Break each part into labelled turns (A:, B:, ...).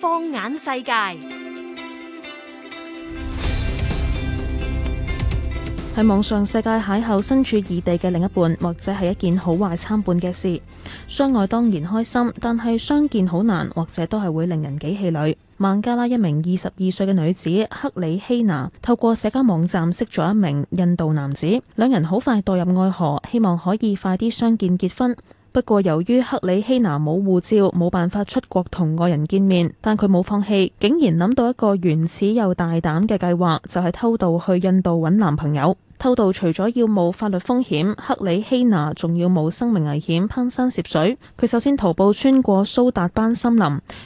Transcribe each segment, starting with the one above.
A: 放眼世界，喺網上世界邂逅身處異地嘅另一半，或者係一件好壞參半嘅事。相愛當然開心，但係相見好難，或者都係會令人幾氣餒。孟加拉一名二十二歲嘅女子克里希娜透過社交網站識咗一名印度男子，兩人好快墮入愛河，希望可以快啲相見結婚。不過，由於克里希娜冇護照，冇辦法出國同外人見面，但佢冇放棄，竟然諗到一個原始又大膽嘅計劃，就係偷渡去印度揾男朋友。偷渡除咗要冒法律風險，克里希納仲要冒生命危險，攀山涉水。佢首先徒步穿過蘇達班森林，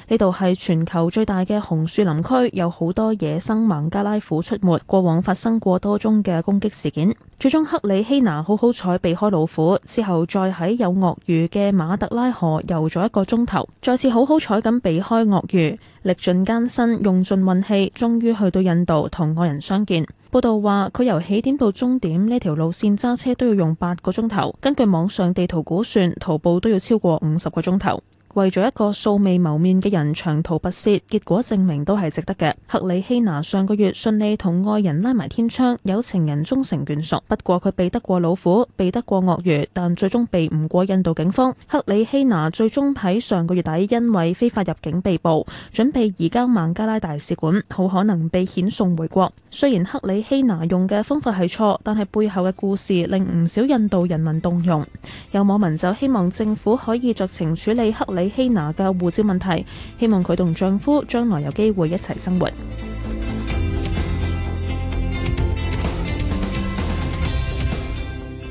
A: 呢度係全球最大嘅紅樹林區，有好多野生孟加拉虎出沒，過往發生過多宗嘅攻擊事件。最終，克里希納好好彩避開老虎，之後再喺有鱷魚嘅馬特拉河游咗一個鐘頭，再次好好彩咁避開鱷魚。歷盡艱辛，用盡運氣，終於去到印度同愛人相見。報道話，佢由起點到終點呢條路綫揸車都要用八個鐘頭，根據網上地圖估算，徒步都要超過五十個鐘頭。為咗一個素未謀面嘅人長途跋涉，結果證明都係值得嘅。克里希娜上個月順利同愛人拉埋天窗，有情人終成眷屬。不過佢避得過老虎，避得過鱷魚，但最終避唔過印度警方。克里希娜最終喺上個月底因為非法入境被捕，準備移交孟加拉大使館，好可能被遣送回國。雖然克里希娜用嘅方法係錯，但係背後嘅故事令唔少印度人民動容。有網民就希望政府可以酌情處理克里。希娜嘅護照問題，希望佢同丈夫將來有機會一齊生活。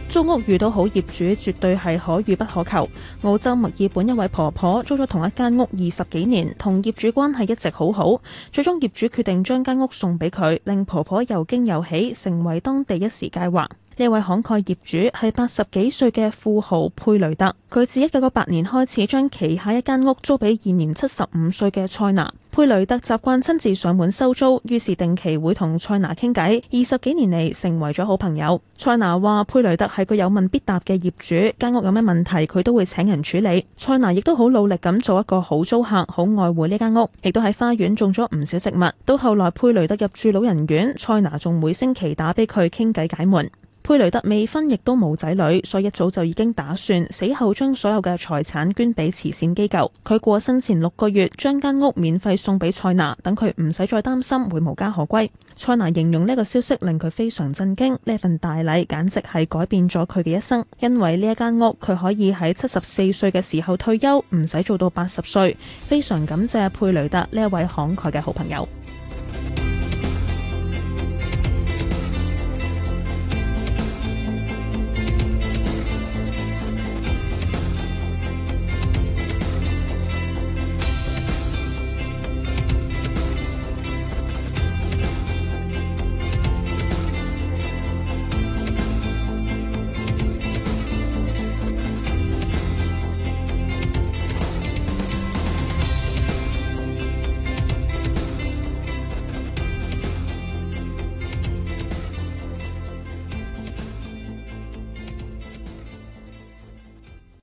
A: 租屋遇到好業主絕對係可遇不可求。澳洲墨爾本一位婆婆租咗同一間屋二十幾年，同業主關係一直好好，最終業主決定將間屋送俾佢，令婆婆又驚又喜，成為當地一時佳話。呢位慷慨業主係八十幾歲嘅富豪佩雷特，佢自一九九八年開始將旗下一間屋租俾現年七十五歲嘅塞娜。佩雷特習慣親自上門收租，於是定期會同塞娜傾偈，二十幾年嚟成為咗好朋友。塞娜話：佩雷特係個有問必答嘅業主，間屋有咩問題佢都會請人處理。塞娜亦都好努力咁做一個好租客，好愛護呢間屋，亦都喺花園種咗唔少植物。到後來佩雷特入住老人院，塞娜仲每星期打俾佢傾偈解悶。佩雷特未婚亦都冇仔女，所以一早就已經打算死後將所有嘅財產捐俾慈善機構。佢過身前六個月，將間屋免費送俾塞納，等佢唔使再擔心會無家可歸。塞納形容呢個消息令佢非常震驚，呢份大禮簡直係改變咗佢嘅一生，因為呢一間屋佢可以喺七十四歲嘅時候退休，唔使做到八十歲。非常感謝佩雷特呢一位慷慨嘅好朋友。